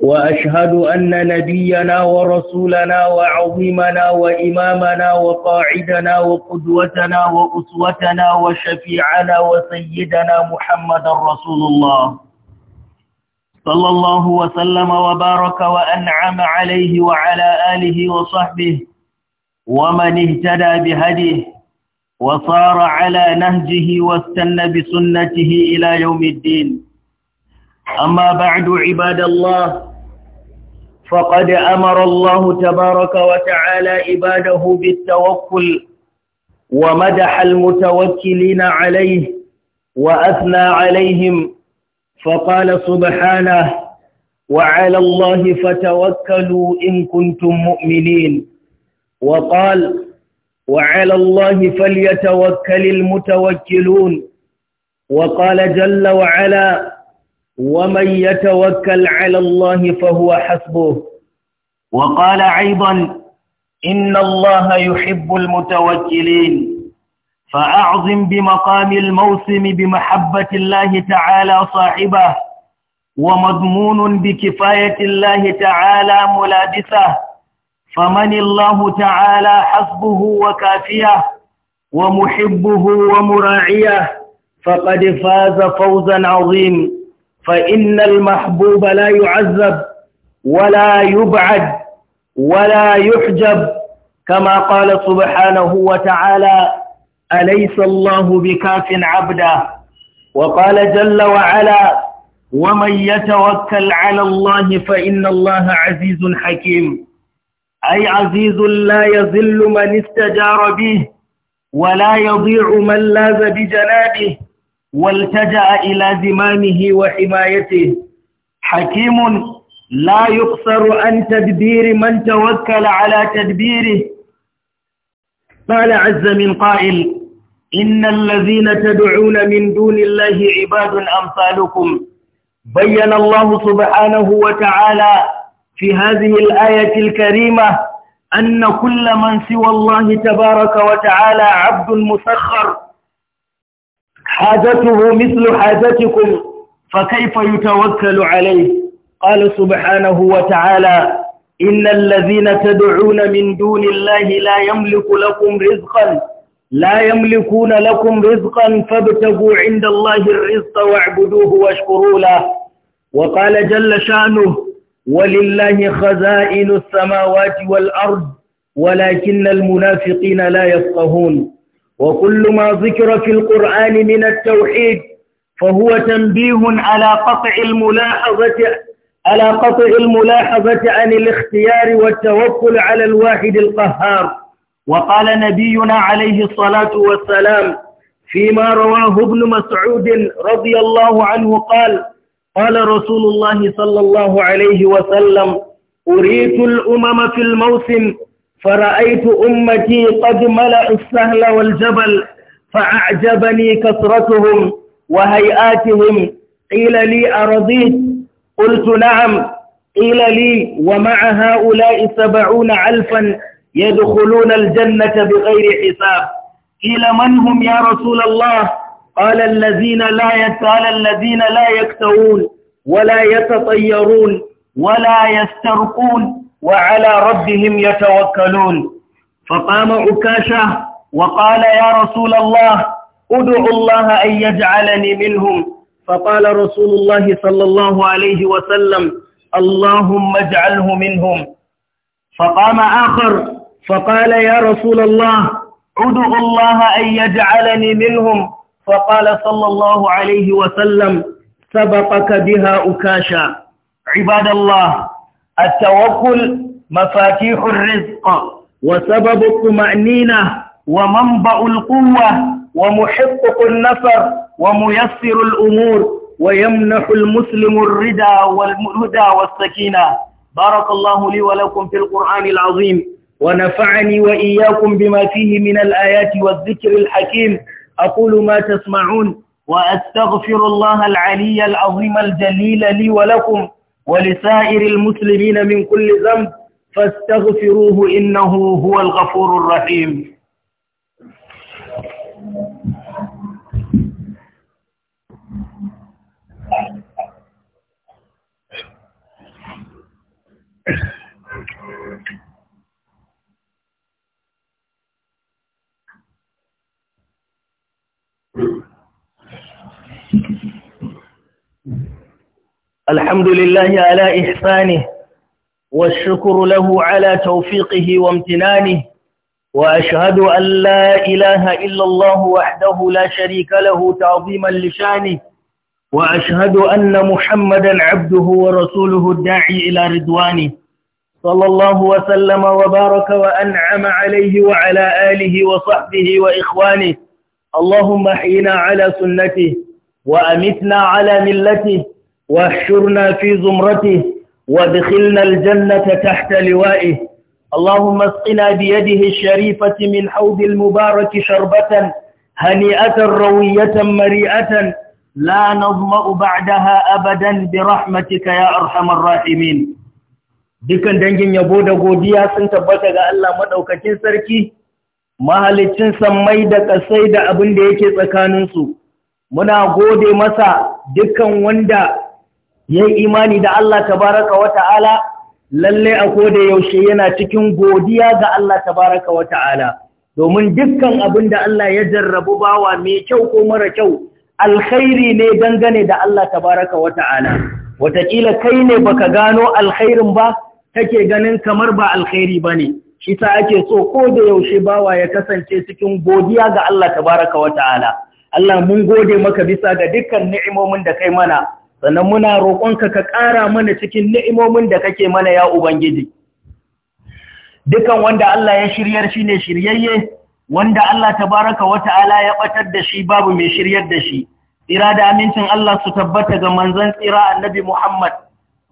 وأشهد أن نبينا ورسولنا وعظيمنا وإمامنا وقاعدنا وقدوتنا وأسوتنا وشفيعنا وسيدنا محمد رسول الله صلى الله وسلم وبارك وأنعم عليه وعلى آله وصحبه ومن اهتدى بهديه وصار على نهجه واستنى بسنته إلى يوم الدين أما بعد عباد الله فقد أمر الله تبارك وتعالى عباده بالتوكل ومدح المتوكلين عليه وأثنى عليهم فقال سبحانه وعلى الله فتوكلوا إن كنتم مؤمنين وقال وعلى الله فليتوكل المتوكلون وقال جل وعلا ومن يتوكل على الله فهو حسبه وقال أيضا إن الله يحب المتوكلين فأعظم بمقام الموسم بمحبة الله تعالى صاحبه ومضمون بكفاية الله تعالى ملابسه فمن الله تعالى حسبه وكافيه ومحبه ومراعيه فقد فاز فوزا عظيما فإن المحبوب لا يعذب ولا يبعد ولا يحجب كما قال سبحانه وتعالى أليس الله بكاف عبدا وقال جل وعلا ومن يتوكل على الله فإن الله عزيز حكيم أي عزيز لا يذل من استجار به ولا يضيع من لاذ بجنابه والتجأ إلى زمامه وحمايته حكيم لا يقصر عن تدبير من توكل على تدبيره قال عز من قائل إن الذين تدعون من دون الله عباد أمثالكم بين الله سبحانه وتعالى في هذه الآية الكريمة أن كل من سوى الله تبارك وتعالى عبد مسخر حاجته مثل حاجتكم فكيف يتوكل عليه قال سبحانه وتعالى إن الذين تدعون من دون الله لا يملك لكم رزقا لا يملكون لكم رزقا فابتغوا عند الله الرزق واعبدوه واشكروا له وقال جل شأنه ولله خزائن السماوات والأرض ولكن المنافقين لا يفقهون وكل ما ذكر في القرآن من التوحيد فهو تنبيه على قطع الملاحظة على قطع الملاحظة عن الاختيار والتوكل على الواحد القهار وقال نبينا عليه الصلاة والسلام فيما رواه ابن مسعود رضي الله عنه قال قال رسول الله صلى الله عليه وسلم أريت الأمم في الموسم فرأيت أمتي قد ملأوا السهل والجبل فأعجبني كثرتهم وهيئاتهم قيل لي أرضيت قلت نعم قيل لي ومع هؤلاء سبعون ألفا يدخلون الجنة بغير حساب قيل من هم يا رسول الله قال الذين لا يتال الذين لا يكتوون ولا يتطيرون ولا يسترقون وعلى ربهم يتوكلون فقام عكاشة وقال يا رسول الله ادعو الله أن يجعلني منهم فقال رسول الله صلى الله عليه وسلم اللهم اجعله منهم فقام آخر فقال يا رسول الله ادعو الله أن يجعلني منهم فقال صلى الله عليه وسلم سبقك بها أكاشا عباد الله التوكل مفاتيح الرزق وسبب الطمأنينة ومنبع القوة ومحقق النفر وميسر الأمور ويمنح المسلم الردى والهدى والسكينة بارك الله لي ولكم في القرآن العظيم ونفعني وإياكم بما فيه من الآيات والذكر الحكيم أقول ما تسمعون وأستغفر الله العلي العظيم الجليل لي ولكم ولسائر المسلمين من كل ذنب فاستغفروه إنه هو الغفور الرحيم الحمد لله على إحسانه والشكر له على توفيقه وامتنانه وأشهد أن لا إله إلا الله وحده لا شريك له تعظيما لشانه وأشهد أن محمدا عبده ورسوله الداعي إلى رضوانه صلى الله وسلم وبارك وأنعم عليه وعلى آله وصحبه وإخوانه اللهم حينا على سنته وأمتنا على ملته واحشرنا في زمرته وادخلنا الجنة تحت لوائه اللهم اسقنا بيده الشريفة من حوض المبارك شربة هنيئة روية مريئة لا abadan, بعدها أبدا برحمتك يا أرحم الراحمين dukan dangin yabo da godiya sun tabbata ga Allah maɗaukacin sarki mahalicin sammai da kasai da abin da yake tsakaninsu muna gode masa dukkan wanda yayi imani da Allah tabaraka wa ta'ala lalle a koda yaushe yana cikin godiya ga Allah tabaraka wa domin dukkan abin da Allah ya jarrabu bawa mai kyau ko mara kyau alkhairi ne dangane da Allah tabaraka wa ta'ala wataƙila kai ne baka gano alkhairin ba kake ganin kamar ba alkhairi bane shi sa ake so koda da yaushe bawa ya kasance cikin godiya ga Allah tabaraka wa Allah mun gode maka bisa ga dukkan ni'imomin da kai mana sannan muna roƙonka ka ƙara mana cikin ni'imomin da kake mana ya Ubangiji. Dukan wanda Allah ya shiryar shi ne shiryayye, wanda Allah ta baraka wata ala ya ɓatar da shi babu mai shiryar da shi, tsira da amincin Allah su tabbata ga manzan tsira annabi Muhammad,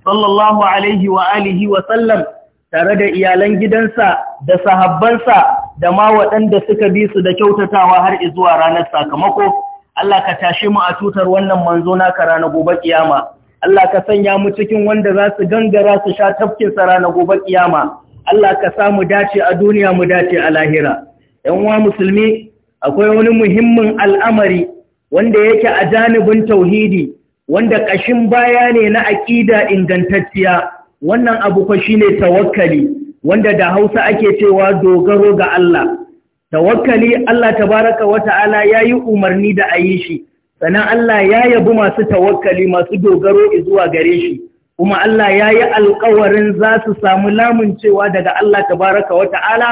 sallallahu Alaihi wa alihi wa sallam, tare da iyalan gidansa da sahabbansa da ma waɗanda suka bi su da kyautatawa har izuwa ranar sakamako. Allah ka tashe mu a tutar wannan manzo naka ranar gobe kiyama Allah ka sanya mu cikin wanda za su gangara su sha tafkin sa ranar gobe kiyama Allah ka sa mu dace a duniya mu dace a lahira Yan uwa musulmi akwai wani muhimmin al'amari wanda yake a janibin tauhidi wanda ƙashin baya ne na aƙida ingantacciya wannan abu fa shine tawakkali wanda da Hausa ake cewa dogaro ga Allah tawakkali Allah tabaraka wa ta'ala yayi umarni da ayi shi sannan Allah ya yabi masu tawakkali masu dogaro zuwa gare shi kuma Allah ya yi alkawarin za su samu cewa daga Allah tabaraka wa ta'ala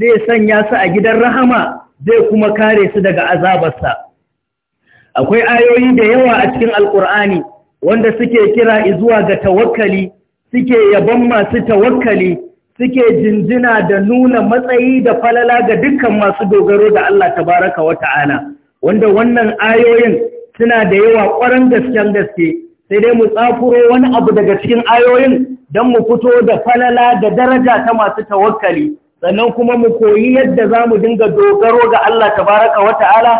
zai sanya su a gidan rahama zai kuma kare su daga azabarsa akwai ayoyi da yawa a cikin alkur'ani wanda suke kira zuwa ga tawakkali suke yabon masu tawakkali suke jinjina da nuna matsayi da falala ga dukkan masu dogaro da Allah tabaraka wa ta'ala wanda wannan ayoyin suna da yawa ƙwarar gasken gaske sai dai mu tsafuro wani abu daga cikin ayoyin don mu fito da falala da daraja ta masu tawakkali sannan kuma mu koyi yadda za mu dinga dogaro ga Allah tabaraka wa ta'ala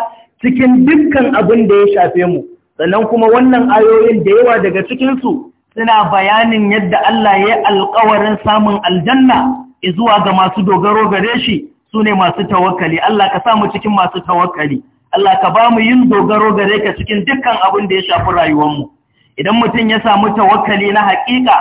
cikin dukkan abin da ya shafe mu sannan kuma wannan ayoyin da yawa daga cikinsu suna bayanin yadda Allah ya alkawarin samun aljanna zuwa ga masu dogaro gare shi su ne masu tawakkali Allah ka samu cikin masu tawakkali Allah ka ba mu yin dogaro gare ka cikin dukkan abin da ya shafi rayuwarmu idan mutum ya samu tawakkali na haƙiƙa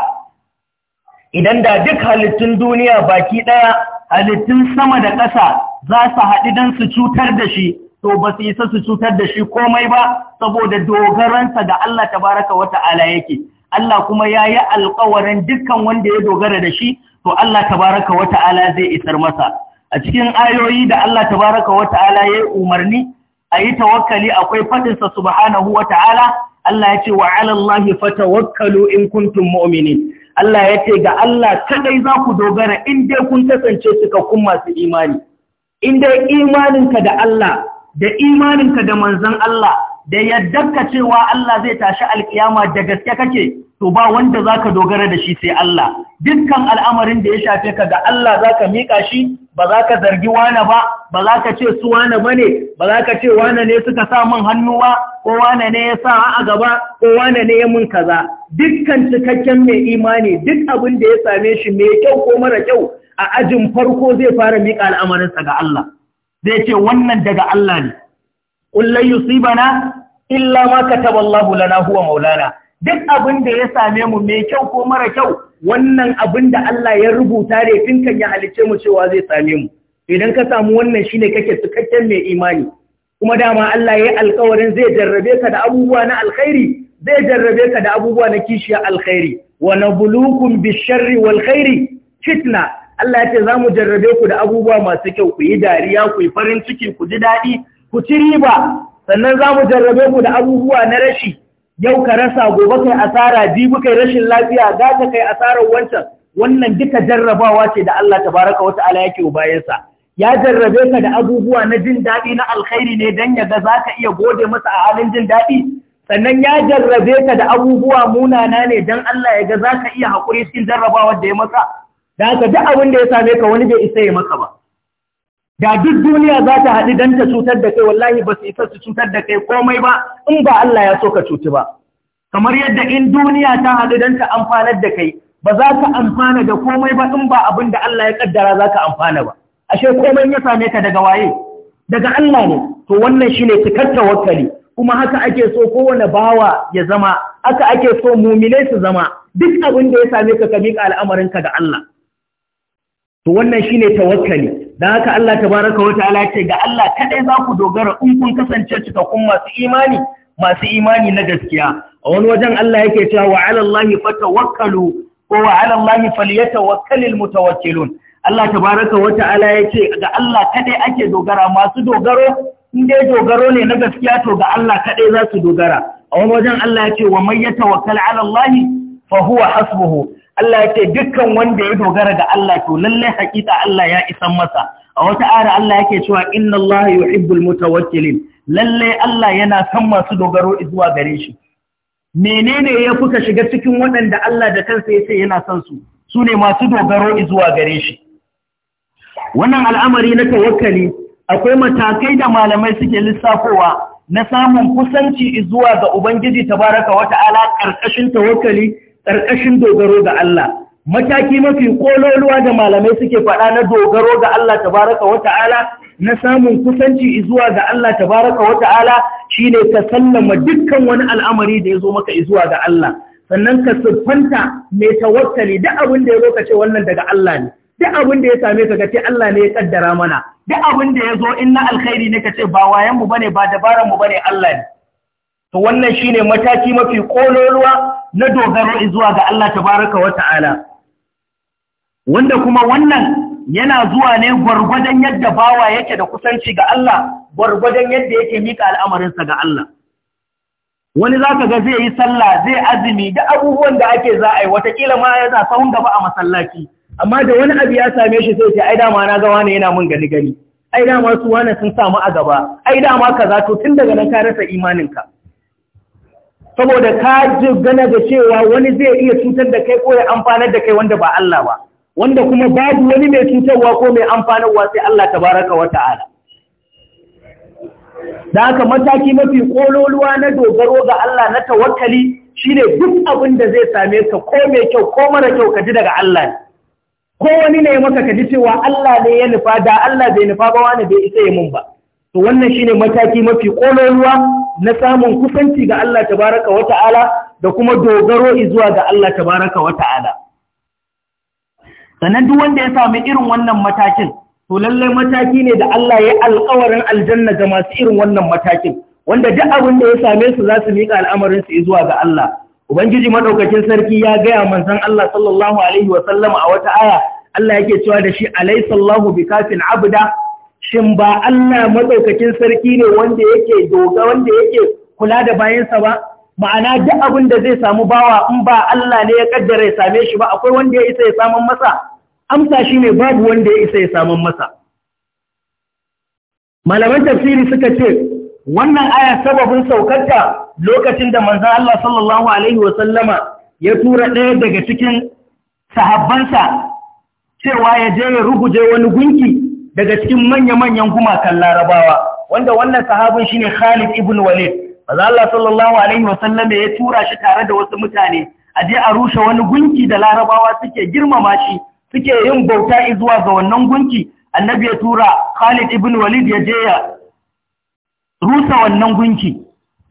idan da duk halittun duniya baki ɗaya halittun sama da ƙasa za su haɗu don su cutar da shi to ba su isa su cutar da shi komai ba saboda dogaransa da Allah ta baraka wata ala yake Allah kuma ya yi alƙawarin dukkan wanda ya dogara da shi to Allah tabaraka wa ta'ala zai isar masa a cikin ayoyi da Allah tabaraka wa ta'ala ya yi umarni a yi tawakkali akwai faɗinsa subhanahu wa ta'ala Allah ya ce wa alallahi fatawakkalu in kuntum mu'minin Allah ya ce ga Allah kadai za ku dogara in dai kun kasance cikakkun masu imani in dai imaninka da Allah da imaninka da manzon Allah da yadda cewa Allah zai tashi alƙiyama da gaske kake to ba wanda zaka dogara da shi sai Allah dukkan al'amarin da ya shafe ka ga Allah zaka mika shi ba za ka zargi wani ba ba za ka ce su wani ba ne ba za ka ce wani ne suka sa min hannu ba ko wani ne ya sa a gaba ko wani ne ya mun kaza dukkan cikakken mai imani duk abin da ya same shi mai kyau ko mara kyau a ajin farko zai fara mika al'amarin sa ga Allah zai ce wannan daga Allah ne ƙulla lan yusibana illa ma kataba Allah lana huwa maulana duk abin da ya same mu mai kyau ko mara kyau wannan abin da Allah ya rubuta da tun kan ya halice mu cewa zai same mu idan ka samu wannan shine kake cikakken mai imani kuma dama Allah ya yi alkawarin zai jarrabe ka da abubuwa na alkhairi zai jarrabe ka da abubuwa na kishiya alkhairi wa bulukun bisharri wal khairi fitna Allah ya ce za mu jarrabe ku da abubuwa masu kyau ku yi dariya ku yi farin ciki ku ji daɗi ku ci riba sannan za mu jarrabe ku da abubuwa na rashi yau ka rasa gobe kai asara jibi kai rashin lafiya gata kai asarar wancan wannan duka jarrabawa ce da Allah tabaraka wata'ala yake bayansa ya jarrabe ka da abubuwa na jin daɗi na alkhairi ne dan ga zaka iya gode masa a halin jin daɗi sannan ya jarrabe ka da abubuwa munana ne dan Allah ya ga zaka iya hakuri cikin jarrabawar da ya maka da haka duk abin da ya same ka wani bai isa ya maka ba da duk duniya za ta haɗu don ta cutar da kai wallahi ba su isa su cutar da kai komai ba in ba Allah ya so ka cuci ba kamar yadda in duniya ta haɗu don ta amfanar da kai ba za ka amfana da komai ba in ba abin da Allah ya kaddara za ka amfana ba ashe komai ya same ka daga waye daga Allah ne to wannan shi shine cikar tawakkali kuma haka ake so kowane bawa ya zama haka ake so mumine su zama duk abin da ya same ka ka miƙa al'amarinka da Allah to wannan shine tawakkali dan haka Allah tabaraka wa ta'ala ce ga Allah kadai za ku dogara in kun kasance cikakkun masu imani masu imani na gaskiya a wani wajen Allah yake cewa wa 'ala Allahi fatawakkalu ko wa 'ala Allahi falyatawakkalul mutawakkilun Allah tabaraka wa ya yace ga Allah kadai ake dogara masu dogaro in dai dogaro ne na gaskiya to ga Allah kadai za su dogara a wani wajen Allah ya ce wa may ya 'ala Allahi fa huwa hasbuhu Allah ya ce dukkan wanda ya dogara ga Allah to lallai hakika Allah ya isan masa a wata ara Allah yake cewa inna Allah yuhibbul mutawakkilin lalle Allah yana san masu dogaro zuwa gare shi menene ya fuka shiga cikin waɗanda Allah da kansa ya ce yana son su su ne masu dogaro zuwa gare shi wannan al'amari na tawakkali akwai matakai da malamai suke lissafowa na samun kusanci zuwa ga Ubangiji tabaraka ala ƙarƙashin tawakkali ƙarƙashin dogaro ga Allah mataki mafi ƙololuwa da malamai suke faɗa na dogaro ga Allah tabaraka wa ta'ala na samun kusanci zuwa ga Allah tabaraka wa ta'ala shine ka sallama dukkan wani al'amari da ya zo maka zuwa ga Allah sannan ka siffanta mai tawakkali duk abin da ya zo ce wannan daga Allah ne duk abin da ya same ka ce Allah ne ya kaddara mana duk abin da ya zo inna alkhairi ne ka ce ba wayan mu bane ba dabaran mu bane Allah ne to wannan shine mataki mafi kololuwa na dogaro zuwa ga Allah tabaraka wa ta'ala wanda kuma wannan yana zuwa ne gwargwadon yadda bawa yake da kusanci ga Allah gwargwadon yadda yake mika al'amarinsa ga Allah wani za ka ga zai yi sallah zai azumi da abubuwan da ake za a yi watakila ma yana sahun gaba a masallaci amma da wani abu ya same shi sai ce ai dama na gawa ne yana mun gani gani ai dama su wani sun samu a gaba ai dama ka zato tun daga nan ka rasa imaninka saboda ka ji gana da cewa wani zai iya cutar da kai ko ya amfanar da kai wanda ba Allah ba wanda kuma babu wani mai cutarwa ko mai amfanarwa sai Allah tabaraka wa ta'ala da haka mataki mafi kololuwa na dogaro ga Allah na tawakkali shine duk abin da zai same ka ko mai kyau ko mara kyau ka ji daga Allah ne ko wani ne maka ka ji cewa Allah ne ya nufa da Allah bai nufa ba wani bai isa yi mun ba to wannan shine mataki mafi kololuwa na samun kusanci ga Allah tabaraka wa da kuma dogaro zuwa ga Allah tabaraka wa ta'ala sannan duk wanda ya sami irin wannan matakin to lallai mataki ne da Allah ya alƙawarin aljanna ga masu irin wannan matakin wanda duk abin da ya same su za su miƙa al'amarin su zuwa ga Allah ubangiji madaukakin sarki ya gaya manzon Allah sallallahu alaihi wa sallama a wata aya Allah yake cewa da shi alaysa Allahu bikafin abda shin ba Allah maɗaukakin sarki ne wanda yake doga wanda yake kula da bayansa ba ma'ana duk abin da zai samu bawa in ba Allah ne ya kaddara ya same shi ba akwai wanda ya isa ya samun masa amsa shi ne babu wanda ya isa ya samun masa malaman tafsiri suka ce wannan aya sababin saukarta lokacin da manzon Allah sallallahu alaihi wa sallama ya tura ɗaya daga cikin sahabbansa cewa ya je ya ruguje wani gunki daga cikin manya-manyan gumakan larabawa wanda wannan sahabin shine Khalid ibn Walid maza Allah sallallahu alaihi wasallam ya tura shi tare da wasu mutane a je a rushe wani gunki da larabawa suke girmama shi suke yin bauta zuwa ga wannan gunki annabi ya tura Khalid ibn Walid ya je ya rusa wannan gunki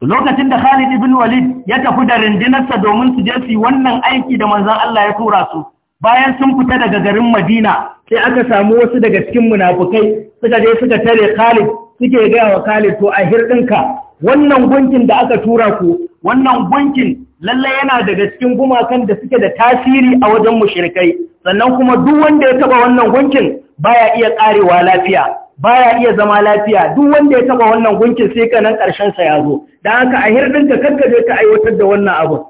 lokacin da Khalid ibn Walid ya tafi da rindinarsa domin su je su yi wannan aiki da manzon Allah ya tura su bayan sun fita daga garin Madina sai aka samu wasu daga cikin munafukai suka je suka tare Khalid suke gaya wa Khalid to a hirɗinka wannan gunkin da aka tura ku wannan gunkin lalle yana daga cikin gumakan da suke da tasiri a wajen mushrikai sannan kuma duk wanda ya taba wannan gunkin baya iya karewa lafiya baya iya zama lafiya duk wanda ya taba wannan gunkin sai kanan karshen sa ya zo dan haka a hirɗinka kakkaje ka aiwatar da wannan abu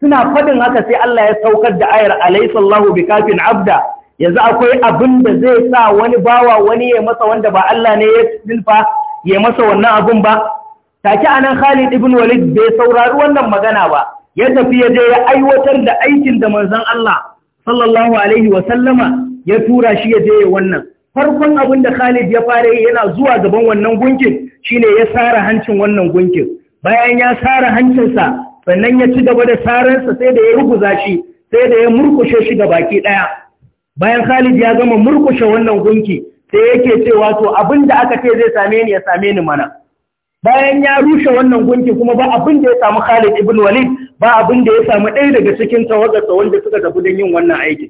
suna faɗin haka sai Allah ya saukar da ayar alaisa Allahu Kafin abda yanzu akwai abin da zai sa wani bawa wani ya masa wanda ba Allah ne ya dinfa ya masa wannan abin ba take anan Khalid ibn Walid bai saurari wannan magana ba ya tafi ya je ya aiwatar da aikin da manzon Allah sallallahu alaihi wa sallama ya tura shi ya je wannan farkon abin da Khalid ya fara yana zuwa gaban wannan gunkin shine ya sara hancin wannan gunkin bayan ya sara hancinsa sannan ya ci gaba da saransa sai da ya ruguza shi sai da ya murkushe shi ga baki ɗaya bayan Khalid ya gama murkushe wannan gunki sai yake cewa to abin da aka ce zai same ni ya same ni mana bayan ya rushe wannan gunki kuma ba abin da ya samu Khalid ibn Walid ba abin da ya samu ɗaya daga cikin tawagarsa wanda suka tafi don yin wannan aiki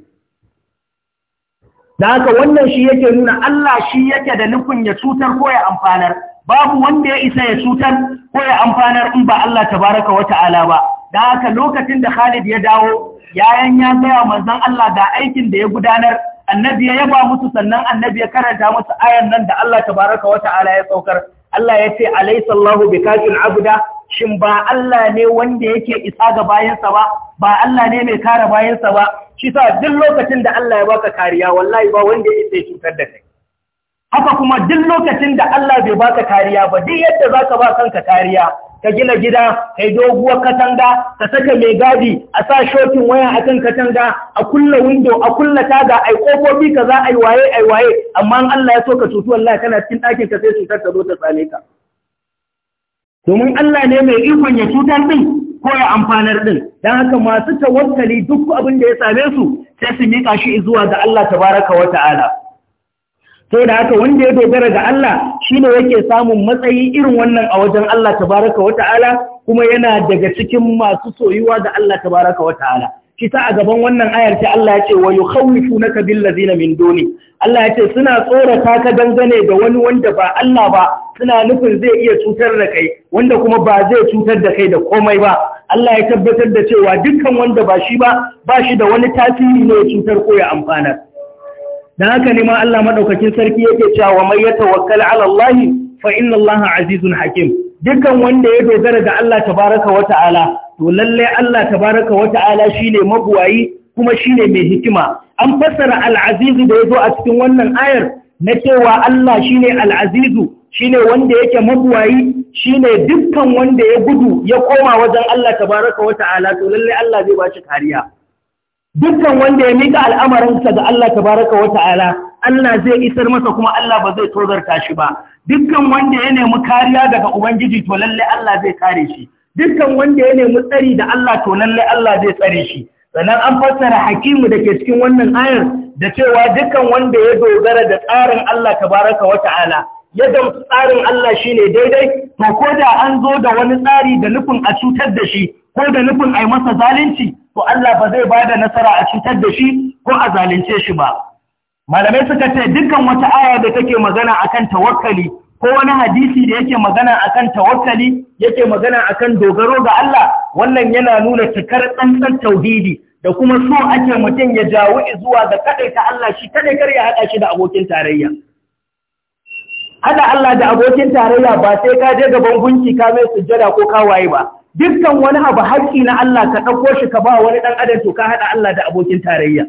da haka wannan shi yake nuna Allah shi yake da nufin ya cutar ko ya amfanar babu wanda ya isa ya cutar ko ya amfanar in ba Allah tabaraka wa ta'ala ba da haka lokacin da Khalid ya dawo yayan ya gaya manzon Allah ga aikin da ya gudanar annabi ya yaba musu sannan annabi ya karanta musu ayan nan da Allah tabaraka wa ta'ala ya saukar Allah ya ce alaysa Allahu bikafil abda shin ba Allah ne wanda yake isa ga bayansa ba ba Allah ne mai kare bayansa ba shi sa duk lokacin da Allah ya baka kariya wallahi ba wanda ya isa cutar da kai haka kuma duk lokacin da Allah bai baka kariya ba duk yadda za ka ba kanka kariya ka gina gida kai doguwar katanga ka saka mai gadi a sa shokin waya a kan katanga a kulla window a kulla taga ai kofofi za ai waye ai waye amma in Allah ya so ka tutu wallahi kana cikin ɗakin ka sai cutar ta zo ta tsane ka domin Allah ne mai ikon ya cutar din ko ya amfanar din don haka masu tawakkali duk abin da ya same su sai su miƙa shi zuwa ga Allah tabaraka wa ta'ala sai da haka wanda ya dogara ga Allah shi ne yake samun matsayi irin wannan a wajen Allah tabaraka wa ta'ala kuma yana daga cikin masu soyuwa ga Allah tabaraka wa ta'ala shi ta a gaban wannan ayar ta Allah ya ce wa yukhawifunaka billazina min duni Allah ya ce suna tsorata ka dangane da wani wanda ba Allah ba suna nufin zai iya cutar da kai wanda kuma ba zai cutar da kai da komai ba Allah ya tabbatar da cewa dukkan wanda ba shi ba ba shi da wani tasiri ne ya cutar ko ya amfanar dan haka ne ma Allah maɗaukacin sarki yake cewa wa may yatawakkal ala Allah fa inna Allah azizun hakim dukan wanda ya dogara ga Allah tabaraka wa ta'ala to lalle Allah tabaraka wa ta'ala shine mabuwayi kuma shine mai hikima an fassara al da da yazo a cikin wannan ayar na cewa Allah shine al shine wanda yake mabuwayi shine dukkan wanda ya gudu ya koma wajen Allah tabaraka wa ta'ala to lalle Allah zai ba shi kariya dukkan wanda ya mika al'amarinsa ga Allah tabaraka wa ta'ala Allah zai isar masa kuma Allah ba zai tozarta shi ba dukkan wanda ya nemi kariya daga ubangiji to lalle Allah zai kare shi dukkan wanda ya nemi tsari da Allah to lalle Allah zai tsare shi sannan an fassara hakimu da ke cikin wannan ayar da cewa dukkan wanda ya dogara da tsarin Allah tabaraka wa ta'ala yadda tsarin Allah shine daidai to ko da an zo da wani tsari da nufin a cutar da shi ko da nufin a yi masa zalunci to Allah ba zai ba da nasara a cutar da shi ko a zalunce shi ba. Malamai suka ce dukkan wata aya da take magana akan tawakkali ko wani hadisi da yake magana akan tawakkali yake magana akan dogaro ga Allah wannan yana nuna cikar tsantsan tauhidi da kuma so ake mutum ya jawo zuwa ga kadaita Allah shi kada kar ya hada shi da abokin tarayya. Hada Allah da abokin tarayya ba sai ka je gaban gunki ka mai sujjada ko kawaye ba. dukkan wani abu haƙƙi na Allah ka ɗauko shi ka ba wani ɗan adam to ka haɗa Allah da abokin tarayya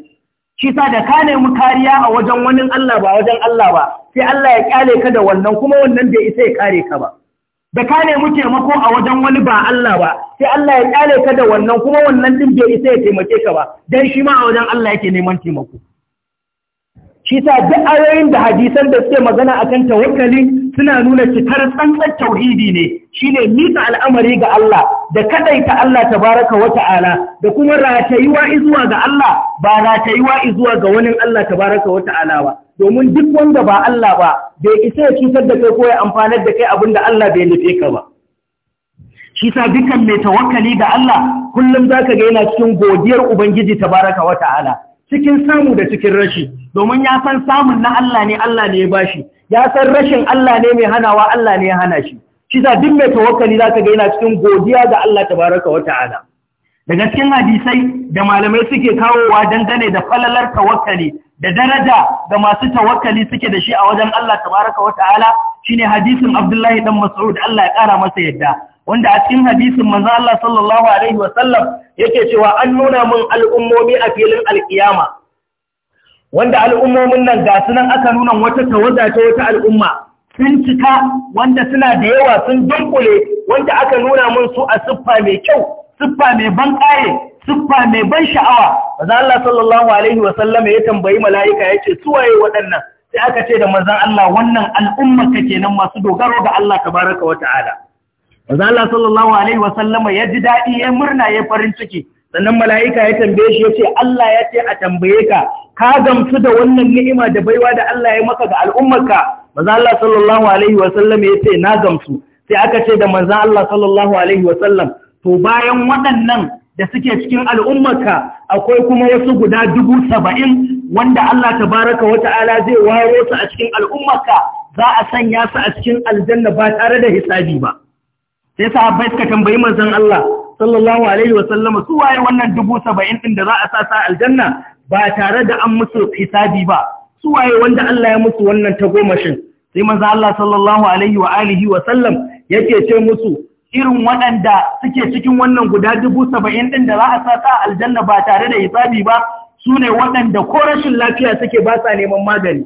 shi sa da ka nemi kariya a wajen wani Allah ba wajen Allah ba sai Allah ya ƙyale ka da wannan kuma wannan bai isa ya kare ka ba da ka nemi taimako a wajen wani ba Allah ba sai Allah ya ƙyale ka da wannan kuma wannan ɗin bai isa ya taimake ka ba dan shi ma a wajen Allah yake neman taimako shi sa duk ayoyin da hadisan da suke magana akan tawakkali suna nuna cikar tsantsar tauhidi ne shine nisa al'amari ga Allah da kaɗai ta Allah tabaraka wa ta'ala da kuma ratayuwa izuwa ga Allah ba ratayuwa izuwa ga wani Allah tabaraka wa ta'ala ba domin duk wanda ba Allah ba bai isa ya cutar da kai ko ya amfanar da kai abin da Allah bai nufe ka ba shi sa dukan mai tawakkali da Allah kullum zaka ga yana cikin godiyar ubangiji tabaraka wa ta'ala cikin samu da cikin rashi domin ya san samun na Allah ne Allah ne ya bashi ya san rashin Allah ne mai hanawa Allah ne ya hana shi shi za duk mai tawakkali za ga gaina cikin godiya ga Allah tabaraka wa ta'ala daga cikin hadisai da malamai suke kawowa dangane da falalar tawakkali da daraja da masu tawakkali suke da shi a wajen Allah tabaraka wa ta'ala shine hadisin Abdullahi dan Mas'ud Allah ya kara masa yadda wanda a cikin hadisin manzo Allah sallallahu alaihi wasallam yake cewa an nuna mun al'ummomi a filin alkiyama wanda al'ummomin nan ga sunan aka nuna wata tawaza ta wata al'umma sun cika wanda suna da yawa sun dunkule wanda aka nuna mun su a siffa mai kyau siffa mai ban ƙaye siffa mai ban sha'awa maza Allah sallallahu alaihi wa ya tambayi mala'ika ya ce suwaye waɗannan sai aka ce da mazan Allah wannan al'umma ka kenan masu dogaro ga Allah ka wa ta'ala maza Allah sallallahu alaihi wa ya ji daɗi ya murna ya farin ciki sannan mala'ika ya tambaye shi ya ce Allah ya ce a tambaye ka ka gamsu da wannan ni'ima da baiwa da Allah ya maka ga al'ummarka maza Allah sallallahu alaihi wasallam ya ce na gamsu sai aka ce da maza Allah sallallahu alaihi wasallam to bayan waɗannan da suke cikin al'ummarka akwai kuma wasu guda dubu saba'in wanda Allah ta wata wata'ala zai waro su a cikin al'ummarka za a sanya su a cikin aljanna ba tare da hisabi ba sai sahabbai suka tambayi manzon Allah sallallahu alaihi wa sallama su waye wannan dubu saba'in ɗin da za a sa sa aljanna ba tare da an musu hisabi ba su waye wanda Allah ya musu wannan tagomashin sai maza Allah sallallahu alaihi wa alihi wa sallam yake ce musu irin waɗanda suke cikin wannan guda dubu saba'in ɗin da za a sa ta aljanna ba tare da hisabi ba su ne waɗanda ko rashin lafiya suke ba sa neman magani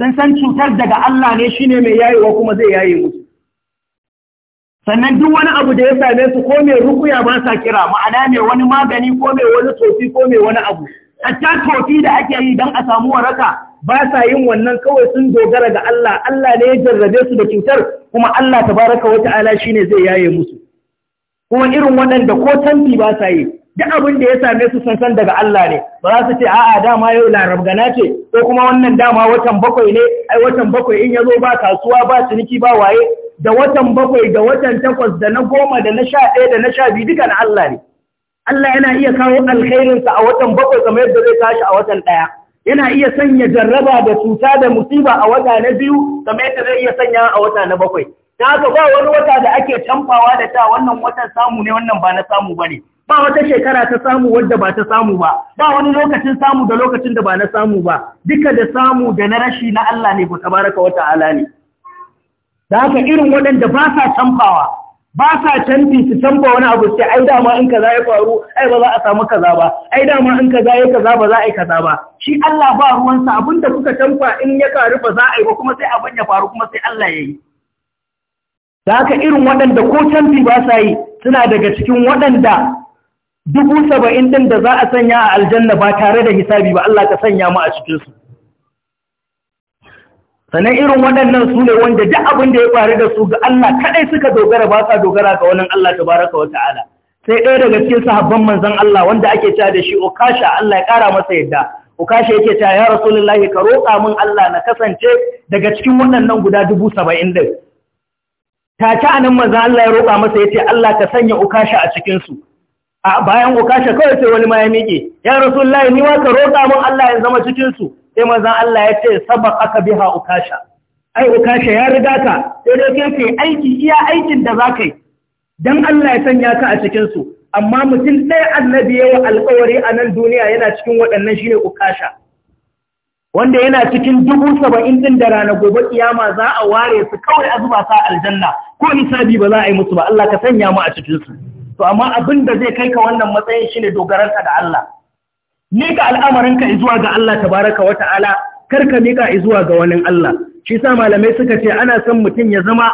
sun san cutar daga Allah ne shi ne mai yayewa kuma zai yaye musu sannan duk wani abu da ya same su ko mai rukuya ba sa kira ma'ana mai wani magani ko mai wani tofi ko mai wani abu hatta tofi da ake yi don a samu waraka ba sa yin wannan kawai sun dogara ga Allah Allah ne ya jarrabe su da cutar kuma Allah ta tabaraka wa ta'ala shine zai yaye musu kuma irin wannan da ko tanti ba sa yi duk abin da ya same su san daga Allah ne ba za su ce a'a dama yau gana ce ko kuma wannan dama watan bakwai ne ai watan bakwai in ya zo ba kasuwa ba ciniki ba waye da watan bakwai da watan takwas da na goma da na sha ɗaya da na sha biyu dukan Allah ne Allah yana iya kawo alkhairinsa a watan bakwai kamar yadda zai tashi a watan ɗaya yana iya sanya jarraba da cuta da musiba a wata na biyu kamar yadda zai iya sanya a wata na bakwai ta haka ba wani wata da ake canfawa da ta wannan watan samu ne wannan ba na samu ba ne ba wata shekara ta samu wadda ba ta samu ba ba wani lokacin samu da lokacin da ba na samu ba duka da samu da na rashi na Allah ne ko tabaraka wata ala ne da haka irin waɗanda ba sa canfawa ba sa canfi su canfa wani abu sai ai dama in kaza ya faru ai ba za a samu kaza ba ai dama in kaza ya kaza ba za a yi kaza ba shi Allah ba ruwansa abinda kuka canfa in ya karu ba za a yi ba kuma sai abin ya faru kuma sai Allah ya yi da haka irin waɗanda ko canfi ba sa yi suna daga cikin waɗanda dubu saba'in ɗin da za a sanya a aljanna ba tare da hisabi ba Allah ka sanya mu a cikinsu sannan irin waɗannan su ne wanda duk abin da ya faru da su ga Allah kadai suka dogara ba sa dogara ga wannan Allah tabaraka wa ta'ala sai ɗaya daga cikin sahabban manzon Allah wanda ake cewa da shi Ukasha Allah ya kara masa yadda Ukasha yake cewa ya Rasulullahi ka roƙa min Allah na kasance daga cikin waɗannan guda dubu saba'in din ta ci anan manzon Allah ya roƙa masa yace Allah ka sanya Ukasha a cikin su a bayan Ukasha kawai sai wani ma ya miƙe ya Rasulullahi ni wa ka roƙa min Allah ya zama cikin su sai mazan Allah ya ce aka bi ha ukasha ai ukasha ya riga ka sai dai kai aiki iya aikin da za ka yi. Don Allah ya sanya ka a cikinsu. amma mutum ɗaya annabi yawa alkawari a nan duniya yana cikin waɗannan shi ne ukasha wanda yana cikin dubu saba'in ɗin da rana gobe kiyama za a ware su kawai a zuba sa aljanna ko nisabi ba za a yi musu ba Allah ka sanya mu a cikinsu. to amma abin da zai kai ka wannan matsayin shine dogaranka da Allah mika al'amarinka izuwa ga Allah tabaraka wa Kar karka mika izuwa ga wani Allah shi sa malamai suka ce ana son mutum ya zama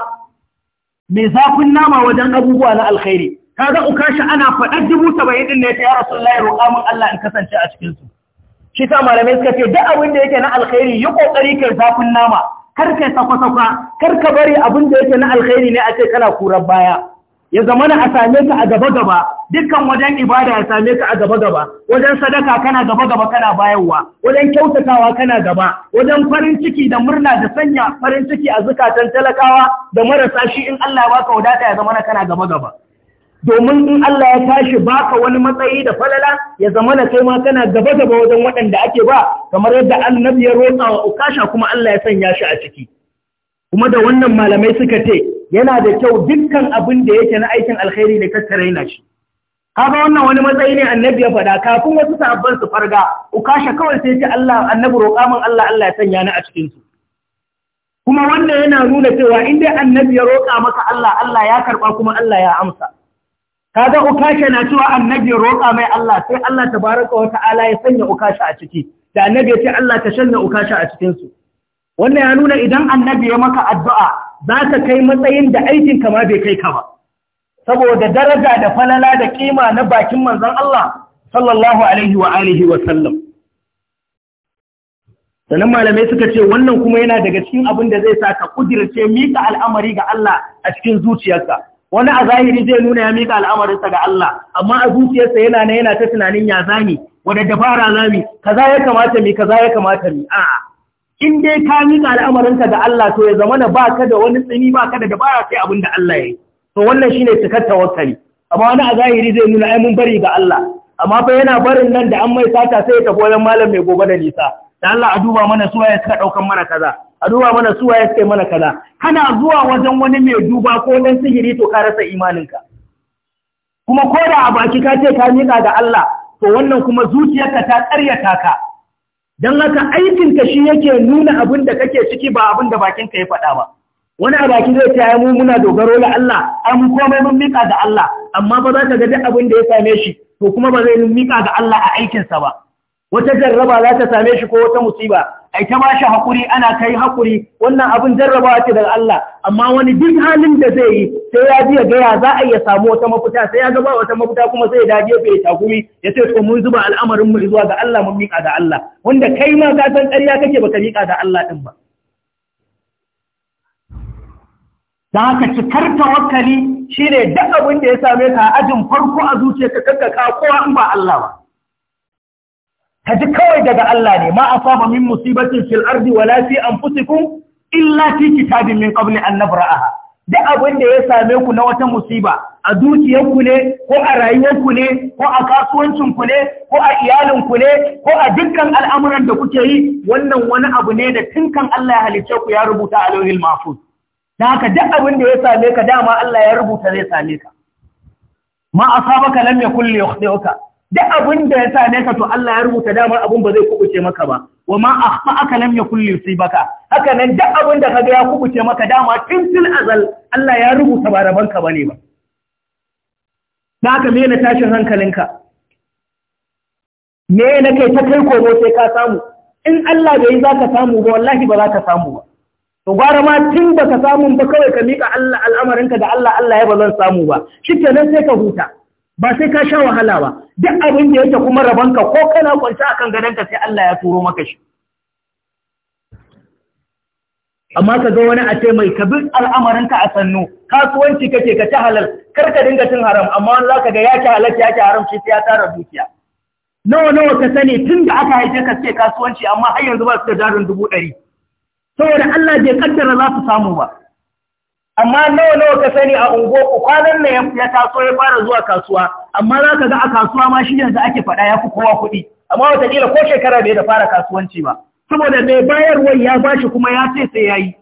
mai zafin nama wajen abubuwa na alkhairi kaga shi ana faɗar dubu saba'in ɗin ne ta ya roƙa min Allah in kasance a cikinsu. su shi sa malamai suka ce duk abin da yake na alkhairi yi kokari kai zafin nama kar kai sakwa sakwa kar ka bari abin da yake na alkhairi ne a ce kana kurar baya ya zama na a same ka a gaba-gaba dukkan wajen ibada ya same ka a gaba-gaba wajen sadaka kana gaba-gaba kana bayarwa wajen kyautatawa kana gaba wajen farin ciki da murna da sanya farin ciki a zukatan talakawa da marasa shi in Allah baka wadata ya zamana kana gaba-gaba domin in Allah ya tashi baka wani matsayi da falala ya zama na kai ma kana gaba-gaba wajen waɗanda ake ba kamar yadda annabi ya roƙa wa ukasha kuma Allah ya sanya shi a ciki kuma da wannan malamai suka ce yana da kyau dukkan abin da yake na aikin alkhairi ne tattare na shi kaga wannan wani matsayi ne annabi ya faɗa kafin wasu sahabban su farga ukasha kawai sai ce Allah annabi roƙamin Allah Allah ya sanya ni a cikin su kuma wannan yana nuna cewa in dai annabi ya roƙa maka Allah Allah ya karɓa kuma Allah ya amsa kaga ukasha na cewa annabi roƙa mai Allah sai Allah tabaraka wa ta'ala ya sanya ukasha a ciki da annabi ya ce Allah ta sanya ukasha a cikin su wannan ya nuna idan annabi ya maka addu'a za ka kai matsayin da aikin kama bai kai ka ba saboda daraja da falala da kima na bakin manzon Allah sallallahu alaihi wa alihi wa sallam sannan malamai suka ce wannan kuma yana daga cikin abin da zai sa ka kudirce mika al'amari ga Allah a cikin zuciyarsa wani a zahiri zai nuna ya mika al'amarinsa ga Allah amma a zuciyarsa yana na yana ta tunanin ya zami wadda dabara zami kaza ya kamata mi kaza ya kamata mi a'a in dai ka miƙa al'amarinka da Allah to ya zama ba ka da wani tsini ba ka da dabara sai abin da Allah ya yi to wannan shine cikar tawakkali amma wani a zahiri zai nuna ai bari ga Allah amma fa yana barin nan da an mai sata sai ya tafi wajen malam mai gobe da nisa da Allah a duba mana ya suka daukan mana kaza a duba mana ya suka mana kaza kana zuwa wajen wani mai duba ko dan sihiri to ka rasa imaninka kuma ko da a baki ka ce ka miƙa ga Allah to wannan kuma zuciyarka ta ƙaryata ka don haka aikinka shi yake nuna abin da kake ciki ba abin da bakinka ya faɗa ba wani a baki zai ta mu muna dogaro da Allah an komai mun mika ga Allah amma ba za ka ga duk abin da ya same shi to kuma ba zai mika ga Allah a aikinsa ba wata jarraba za ta same shi ko wata musiba ai ta bashi hakuri ana kai hakuri wannan abin jarrabawa ce daga Allah amma wani duk halin da zai yi sai ya ji ga ya za a iya samu wata mafita sai ya ga ba wata mafita kuma sai ya dage bai takumi ya ce to mun zuba al'amarin mu zuwa ga Allah mun mika da Allah wanda kai ma ka san ƙarya kake baka mika da Allah din ba da haka cikar tawakkali shine duk abin da ya same ka ajin farko a zuciyarka kakka ka kowa in ba Allah ba ka ji kawai daga Allah ne ma asaba min musibatin fil ardi wala fi anfusikum illa fi kitabin min qabli an nabraha duk abin da ya same ku na wata musiba a dukiyanku ne ko a rayuwarku ne ko a kasuwancinku ne ko a iyalinku ne ko a dukkan al'amuran da kuke yi wannan wani abu ne da tunkan Allah ya halicce ku ya rubuta a lauhil mahfuz da haka duk abin da ya same ka dama Allah ya rubuta zai same ka ma asabaka lam yakul liyukhti'uka duk abin da ya ne ka to Allah ya rubuta damar abin ba zai kubuce maka ba wa ma akhfa aka lam yakul yusibaka haka nan da abin da kaga ya kubuce maka dama tun til azal Allah ya rubuta ba raban ka bane ba da haka me tashin hankalinka me na kai ta kai komo sai ka samu in Allah bai za ka samu ba wallahi ba za ka samu ba to gwara ma tun ba ka samu ba kawai ka mika Allah al'amarinka da Allah Allah ya ba zan samu ba shi kenan sai ka huta ba sai ka sha wahala ba duk abin da yake kuma rabanka ko kana kwanci akan gadonka sai Allah ya turo maka shi amma ka ga wani a ce mai ka al'amarin ka a sannu kasuwanci kake ka ci halal kar ka dinga cin haram amma wani zaka ga ya ci halal ya ci haram shi sai ya tara dukiya nawa nawa ka sani tun da aka haife ka ce kasuwanci amma har yanzu ba su da jarin dubu ɗari saboda Allah bai kaddara za su samu ba amma nawa nawa ka sani a ungo kwanan na ya taso ya fara zuwa kasuwa amma za ka ga a kasuwa ma shi yanzu ake faɗa ya fi kowa kuɗi amma wata kila ko shekara bai da fara kasuwanci ba saboda mai bayarwar ya bashi kuma ya ce sai yayi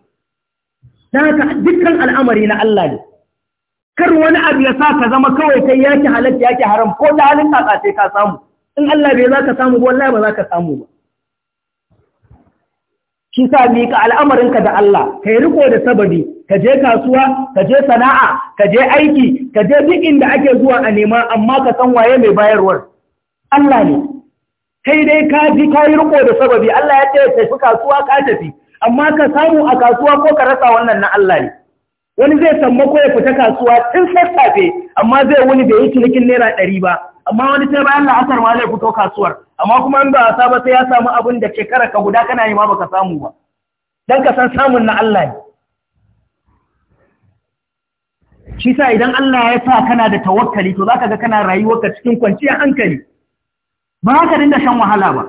yi haka dukkan al'amari na Allah ne kar wani abu ya sa ka zama kawai kai yake halatta yaki haram ko da halin ka ka samu in Allah bai za ka samu ba wallahi ba za ka samu ba shi sa miƙa al'amarinka da Allah ka yi riko da sababi ka je kasuwa ka je sana'a ka je aiki ka je duk inda ake zuwa a nema amma ka san waye mai bayarwar Allah ne kai dai ka ji ka yi riko da sababi Allah ya ce tafi kasuwa ka tafi amma ka samu a kasuwa ko ka rasa wannan na Allah ne wani zai sammako ya fita kasuwa tun sassafe amma zai wani bai yi cinikin naira ɗari ba amma wani sai bayan la'asar ma zai fito kasuwar amma kuma in ba a saba sai ya samu abin da shekara ka guda kana yi ma baka samu ba dan ka san samun na Allah ne shi sa idan Allah ya sa kana da tawakkali to zaka ga kana rayuwa ka cikin kwanciyar hankali ba za ka dinga shan wahala ba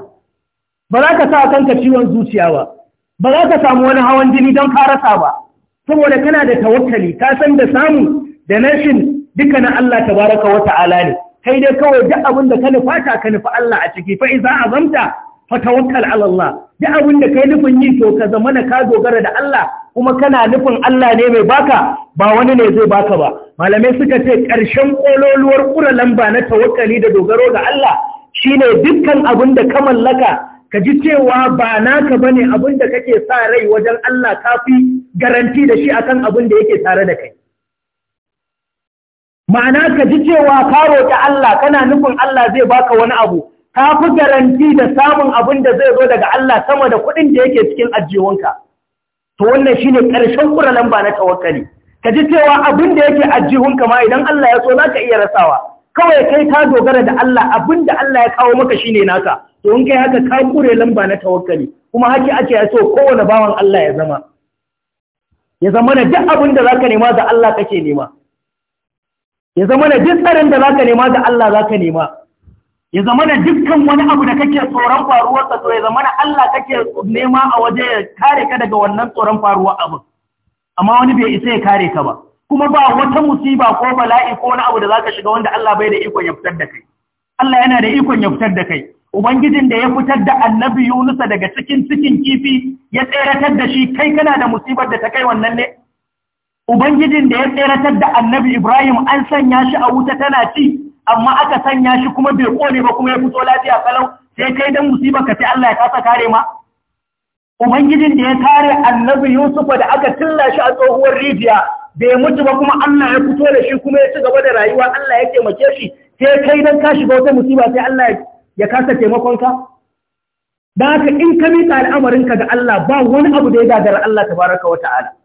ba za ka sa kanka ciwon zuciya ba ba za ka samu wani hawan jini don ka rasa ba saboda kana da tawakkali ka san da samu da nashin duka na Allah tabaraka wa ta'ala ne kai dai kawai duk abin da ka nufa ta ka nufi Allah a ciki fa a azamta fa tawakkal ala Allah duk abin da kai nufin yi to ka zama ka dogara da Allah kuma kana nufin Allah ne mai baka ba wani ne zai baka ba malamai suka ce ƙarshen kololuwar kura lamba na tawakkali da dogaro ga Allah shine dukkan abin da ka mallaka ka ji cewa ba naka bane abin da kake sa rai wajen Allah kafi garanti da shi akan abin da yake tare da kai ma'ana ka ji cewa ka roƙi Allah kana nufin Allah zai baka wani abu ka fi garanti da samun abin da zai zo daga Allah sama da kuɗin da yake cikin ajiyewanka to wannan shine ƙarshen ƙura lamba na tawakkali ka ji cewa abin da yake ajihunka ma idan Allah ya so za ka iya rasawa kawai kai ka dogara da Allah abin da Allah ya kawo maka shine naka to in kai haka ka kure lamba na tawakkali kuma haki ake ya so kowane bawan Allah ya zama ya zama da duk abin da zaka nema da Allah kake nema ya zama na duk tsarin da ka nema ga Allah za ka nema ya zama na dukkan wani abu da kake tsoron faruwar sa to ya zama na Allah kake nema a waje ya kare ka daga wannan tsoron faruwar abu amma wani bai isa ya kare ka ba kuma ba wata musiba ko bala'i ko wani abu da zaka shiga wanda Allah bai da ikon ya fitar da kai Allah yana da ikon ya fitar da kai ubangijin da ya fitar da annabi Yunusa daga cikin cikin kifi ya tseratar da shi kai kana da musibar da ta kai wannan ne Ubangijin da ya tseratar da annabi Ibrahim an sanya shi a wuta tana ci, amma aka sanya shi kuma bai kone ba kuma ya fito lafiya kalau sai kai don musibar ka sai Allah ya kasa kare ma. Ubangijin da ya kare annabi Yusufa da aka tilla shi a tsohuwar rijiya bai mutu ba kuma Allah ya fito da shi kuma ya ci gaba da rayuwa Allah ya taimake shi sai kai don ka shiga wata musiba sai Allah ya kasa taimakon ka. Da haka in ka miƙa al'amarinka ga Allah ba wani abu da ya gagara Allah tabaraka wa ta'ala.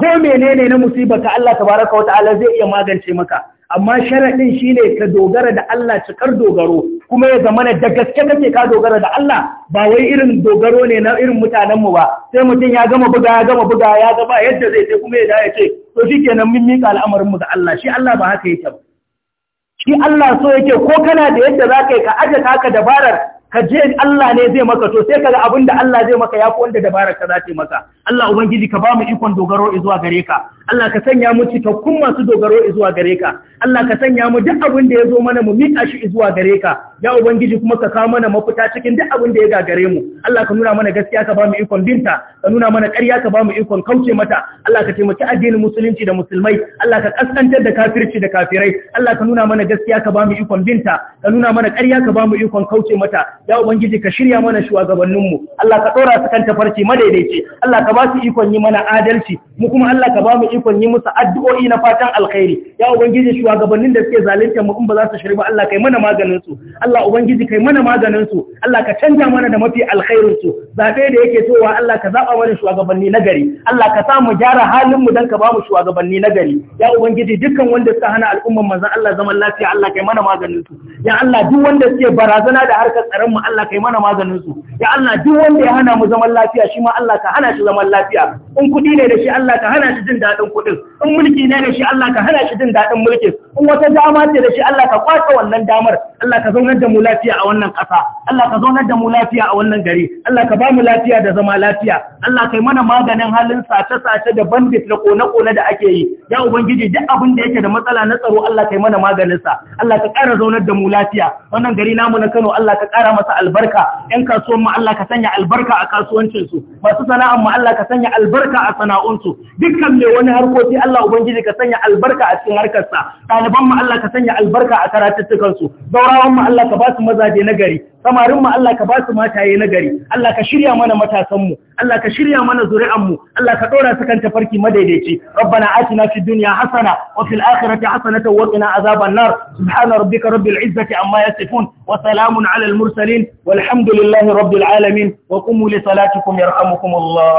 ko menene na musiba ka Allah tabaraka wa ta'ala zai iya magance maka amma sharadin shine ka dogara da Allah cikar dogaro kuma ya zamana da gaske kake ka dogara da Allah ba wai irin dogaro ne na irin mutanen mu ba sai mutum ya gama buga ya gama buga ya gaba yadda zai sai kuma ya da ya ce to shikenan mun mika al'amarin mu ga Allah shi Allah ba haka yake ba shi Allah so yake ko kana da yadda zaka yi ka aje ka dabarar ka je Allah ne zai maka to sai kaga abin da Allah zai maka yafi wanda dabarar ka za ta maka Allah ubangiji ka ba mu ikon dogaro zuwa gare ka Allah ka sanya mu cikakkun masu dogaro zuwa gare ka Allah ka sanya mu duk abin da ya zo mana mu mika shi zuwa gare ka ya ubangiji kuma ka kawo mana mafita cikin duk abin da ya gagare mu Allah ka nuna mana gaskiya ka ba mu ikon binta ka nuna mana ƙarya ka ba mu ikon kauce mata Allah ka taimaki addinin musulunci da musulmai Allah ka kaskantar da kafirci da kafirai Allah ka nuna mana gaskiya ka ba mu ikon binta ka nuna mana ƙarya ka ba mu ikon kauce mata ya ubangiji ka shirya mana shugabanninmu Allah ka ɗora su kan tafarki madaidaici Allah ka ba su ikon yi mana adalci mu kuma Allah ka ba mu ikon yi musu addu'o'i na fatan alkhairi ya ubangiji shugabannin da suke zalunta mu in ba za su shirya ba Allah kai mana maganin su Allah ubangiji kai mana maganin su Allah ka canja mana da mafi alkhairin su zabe da yake towa Allah ka zaba mana shugabanni nagari. Allah ka sa mu gyara halin mu dan ka ba mu shugabanni nagari. ya ubangiji dukkan wanda suka hana al'umman manzon Allah zaman lafiya Allah kai mana maganin su ya Allah duk wanda suke barazana da harkar tsaron mu Allah kai mana maganin su ya Allah duk wanda ya hana mu zaman lafiya shi ma Allah ka hana shi zaman lafiya in kudi ne da shi Allah ka hana shi jin dadin kudin in mulki ne da shi Allah ka hana shi jin dadin mulkin in wata dama ce da shi Allah ka kwace wannan damar Allah ka zaunar da mu lafiya a wannan kasa Allah ka zaunar da mu lafiya a wannan gari Allah ka ba mu lafiya da zama lafiya Allah kai mana maganin halin sace-sace da bandit na kone-kone da ake yi ya ubangiji duk abin da yake da matsala na tsaro Allah kai mana maganin sa Allah ka ƙara zaunar da mu lafiya wannan gari namu na Kano Allah ka ƙara masa albarka ‘yan kasuwan mu Allah ka sanya albarka a kasuwancinsu masu sana'a mu Allah ka sanya albarka a sana'unsu dukkan mai wani harkoki Allah Ubangiji ka sanya albarka a cikin harkarsa ɗaliban mu Allah ka sanya albarka a karatuttukansu zaurawan mu Allah ka ba su mazaje na gari samarin mu Allah ka ba su mataye na gari Allah ka shirya mana matasan mu Allah ka shirya mana zuri'an mu Allah ka dora su kan tafarki madaidaici rabbana atina fid dunya hasana wa fil akhirati hasanatan wa qina azaban nar subhana rabbika rabbil izzati amma yasifun wa salamun alal mursalin والحمد لله رب العالمين وقوموا لصلاتكم يرحمكم الله